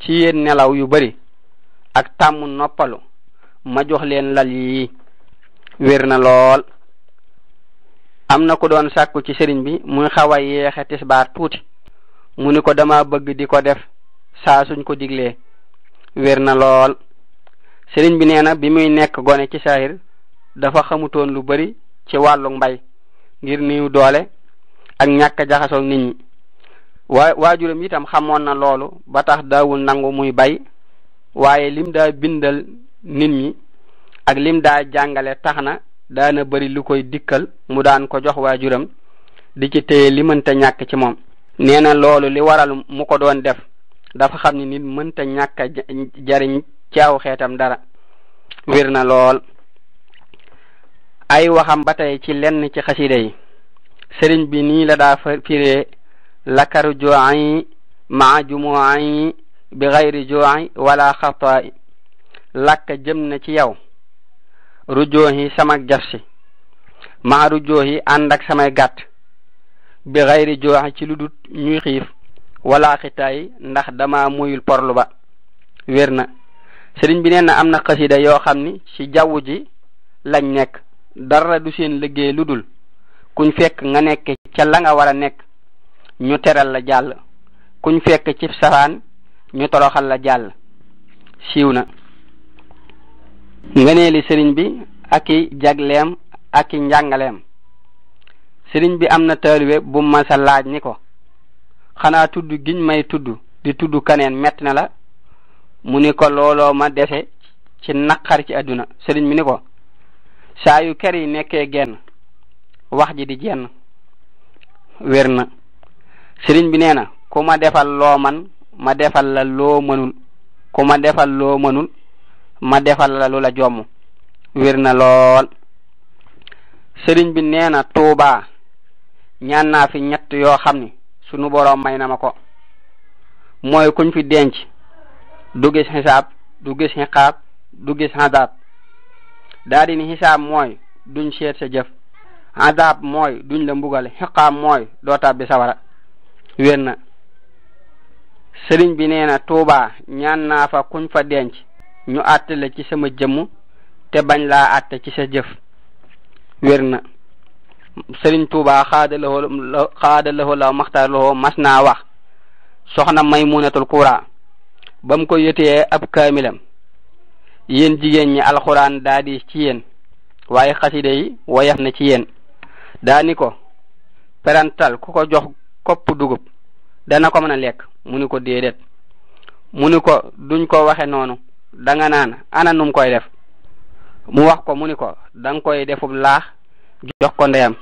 ci yéen nelaw yu bari ak tàmm noppalu ma jox leen lal yi wér na lool am na ko doon sàkku ci sëriñ bi muy xaw a yeexe tisbaar tuuti mu ni ko dama bëgg di ko def saa suñ ko diglee wér na lool sëriñ bi nee na bi muy nekk gone ci saahir dafa xamutoon lu bari ci wàllu mbay ngir niiw doole ak ñàkk jaxasoog nit ñi waa waajuram itam xamoon na loolu ba tax daawul nangu muy bay waaye lim daa bindal nit ñi ak lim daa jàngale tax na daana bari lu koy dikkal mu daan ko jox waajuram di ci téye li mënta ñàkk ci moom nee na loolu li waral mu ko doon def dafa xam ni nit mënta ñàkk jariñ ci aw xeetam dara wér na lool ay waxam ba tey ci lenn ci xasida yi sëriñ bi nii la daa firee laka rujuu'i maa jumuu'i bi gayri juu'i wala xataa'i lakka jëm na ci yow rujuuhi sama jarsi maa rujuuhi ànd ak samay gàtt bi gayri juu'i ci lu dut ñuy xiif wala xitaayi ndax dama muyul porlu ba wér na sëriñ bi nee am na xasida yoo xam ni ci jaww ji lañ nekk dara du seen liggéey lu dul kuñ fekk nga nekk ca la nga war a nekk ñu teral la jàll kuñ fekk ci safaan ñu toroxal la jàll siiw na ngëneeli sëriñ bi ak i jagleem ak i njàngaleem sëriñ bi am na taalibe bu masa ni ko xanaa tudd giñ may tudd di tudd kaneen mett na la mu ni ko looloo ma dese ci naqar ci àdduna sëriñ bi ni ko saa yu kër yi nekkee genn wax ji di jenn wér na sëriñ bi nee na ku ma defal loo man ma defal la ku ma defal loo mënul ma defal la lu la jomm wér na lool sëriñ bi nee na tuubaa ñaan naa fi ñett yoo xam ni sunu boroom may na ma ko mooy kuñ fi denc du gis xisaab du gis xiqaab du gis xadaab daa di ni xisaab mooy duñ seet sa jëf xadaab mooy duñ la mbugal xiqaab mooy doo tàbbi sawara wér na sëriñ bi nee na tuuba ñaan naa fa kuñ fa denc ñu àtte ci sama jëmm te bañ laa àtte ci sa jëf wér na sëriñ tuuba xaada lahoo xaada lahoo la maxtaar lahoo mas naa wax soxna maymunatul kuura ba mu ko yëtee ab kaamilam yéen jigéen ñi alxuraan daa ci yéen waaye xaside yi woyaf na ci yéen daani ko perantal ku ko jox kopp dugub dana ko mën a lekk mu ni ko déedéet mu ni ko duñ ko waxe noonu danga naan ana num koy def mu wax ko mu ni ko danga koy defub laax jox ko ndeyam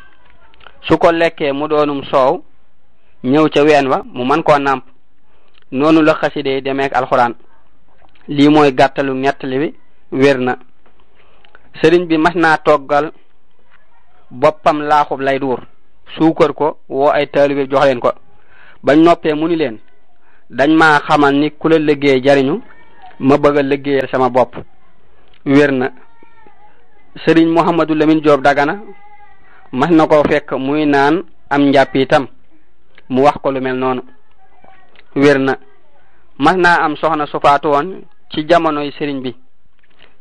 su ko lekkee mu doonum soow ñëw ca ween wa mu mën koo nàmp noonu la xasida yi demeek alxuraan lii mooy gàttalu nettali bi wér na sëriñ bi mas naa toggal boppam laaxub lay duur suukar ko woo ay taalibe jox leen ko bañ noppee mu ni leen dañ ma xamal ni ku la liggéey jariñu ma bëgg a sama bopp wér na sëriñ Mouhamadou Lamine Diop Dagana mas na ko fekk muy naan am njàpp itam mu wax ko lu mel noonu wér na mas naa am soxna su faatu woon ci jamonoy sëriñ bi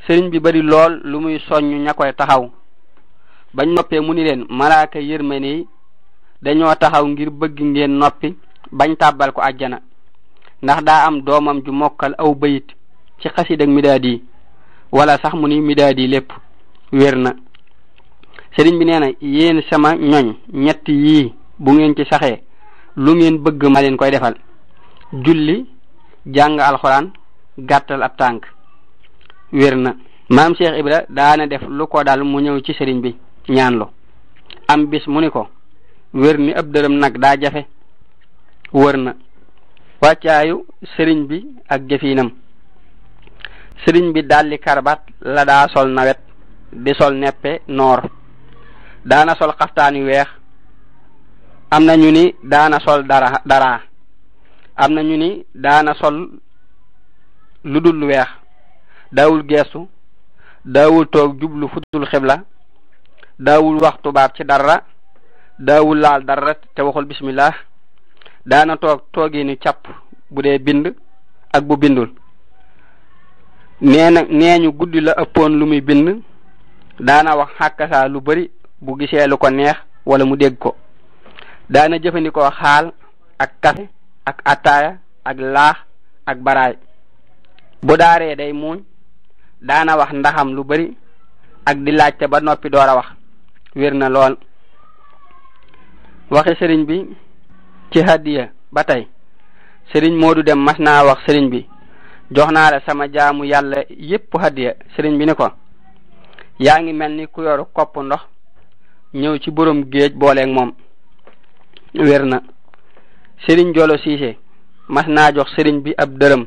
sëriñ bi bari lool lu muy soññ ña koy taxaw bañ noppee mu ni leen malaaka yërmane dañoo taxaw ngir bëgg ngeen noppi bañ tàbbal ko àjjana ndax daa am doomam ju mokkal aw bayit ci xasid ak midaadi yi wala sax mu ni midaadi yi lépp wér na sëriñ bi nee na yéen sama ñoñ ñett yii bu ngeen ci saxee lu ngeen bëgg ma leen koy defal julli jàng alxuraan gàttal ab tànk wér na maam Cheikh Ibra daana def lu ko dal mu ñëw ci sëriñ bi ñaan lu am bis mu ni ko wér ni ab dërëm nag daa jafe wër na wàccaayu sëriñ bi ak jëfinam sëriñ bi dalli karbat la daa sol nawet di sol neppe noor daana sol xaftaan yu weex am na ñu ni daana sol dara dara am na ñu ni daana sol lu dul weex daawul geestu daawul toog jublu futul xibla daawul wax tubaab ci dara daawul laal dara te waxul bismillah daana toog tooginu càpp bu dee bind ak bu bindul nee na nee ñu guddi la ëppoon lu muy bind daana wax xàkkasaa lu bari bu gisee lu ko neex wala mu dégg ko daana jëfandikoo xaal ak kafe ak ataaya ak laax ak baraay bu daaree day muuñ daana wax ndaxam lu bari ak di laajte ba noppi door a wax wér na lool waxe sëriñ bi ci hadiya ba tey sëriñ Moodu dem mas naa wax sëriñ bi jox naa la sama jaamu yàlla yépp hadiya sëriñ bi ni ko yaa ngi mel ni ku yoru kopp ndox ñëw ci borom géej booleek moom wér na sëriñ Jolo Siise mas naa jox sëriñ bi ab dërëm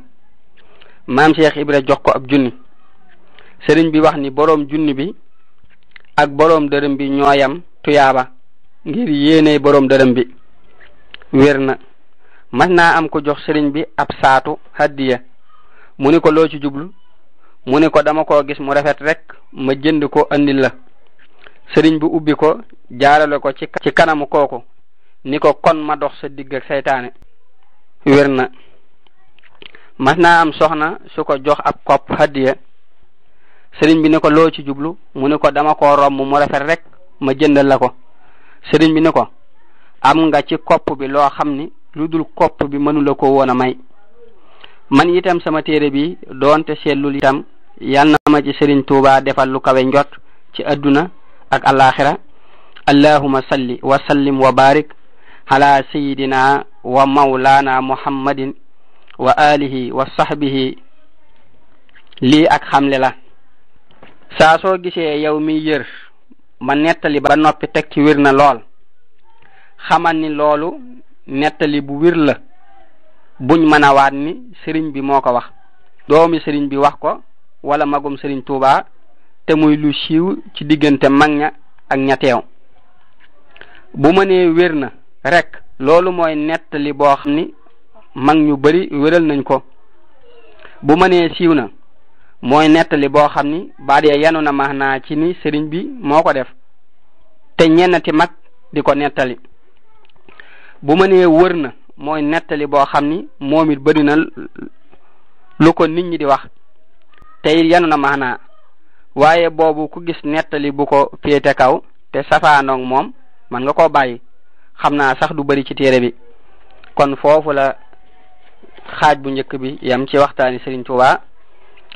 maam Cheikh Ibra jox ko ab junni sëriñ bi wax ni boroom junni bi ak boroom dërëm bi ñooyam tuyaaba ngir yéeney borom dërëm bi wér na mas naa am ko jox sëriñ bi ab saatu haddiya mu ni ko loo ci jublu mu ni ko dama koo gis mu rafet rek ma jënd ko andil la sëriñ bi ubbi ko jaarale ko ci ci kanamu kooku ni ko kon ma dox sa digg ak seytaane wér na mas na am soxna su ko jox ab kopp haddiya sëriñ bi ni ko loo ci jublu mu ni ko dama ko romb mu rafet rekk ma jëndal la ko seriñ bi ne ko am nga ci kopp bi loo xam ni lu dul kopp bi mënula ko woon a may man itam sama téere bi doonte seetlul itam yal na ma ci sëriñ tuuba defal lu kawe njot ci adduna ak alaxira allahuma salli wa sallim wa barik ala sayidina wa maulana muhammadin wa alihi wa sahbihi lii ak xamle la saa soo gisee yow mi yër ma nettali ba noppi teg ci wér na lool xamal ni loolu nettali bu wér la buñ mën a ni sëriñ bi moo ko wax doomi sëriñ bi wax ko walla magum sëriñ Tuubaa te muy lu siiw ci diggante mag ña ak ña teew bu ma nee wér na rekk loolu mooy nettali boo xam ni mag ñu bari wëral nañ ko bu ma nee siiw na mooy nettali boo xam ni baat ya yanu na max naa ci ni sëriñ bi moo ko def te ñennati mag di ko nettali bu ma wër na mooy nettali boo xam ni moom it bëri na lu ko nit ñi di wax te it yanu na max naa waaye boobu ku gis nettali bu ko te kaw te safaanoog moom man nga koo bàyyi xam naa sax du bari ci téere bi kon foofu la xaaj bu njëkk bi yam ci waxtaani Sëriñ Tuubaa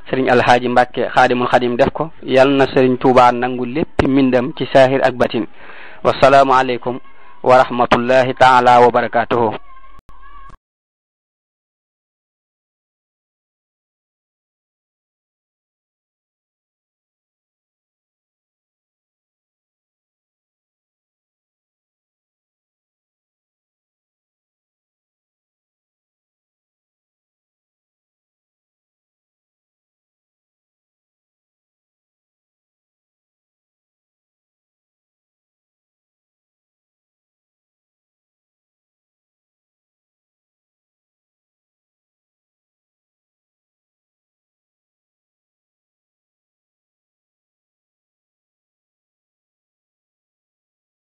sëriñ alhaaji mbàkke xaadimul xadim def ko yal na sëriñ tuubaa nangu lépp mbindam ci saahir ak batin wasalaamu aleykum wa rahmatullahi taala wa barakatuhu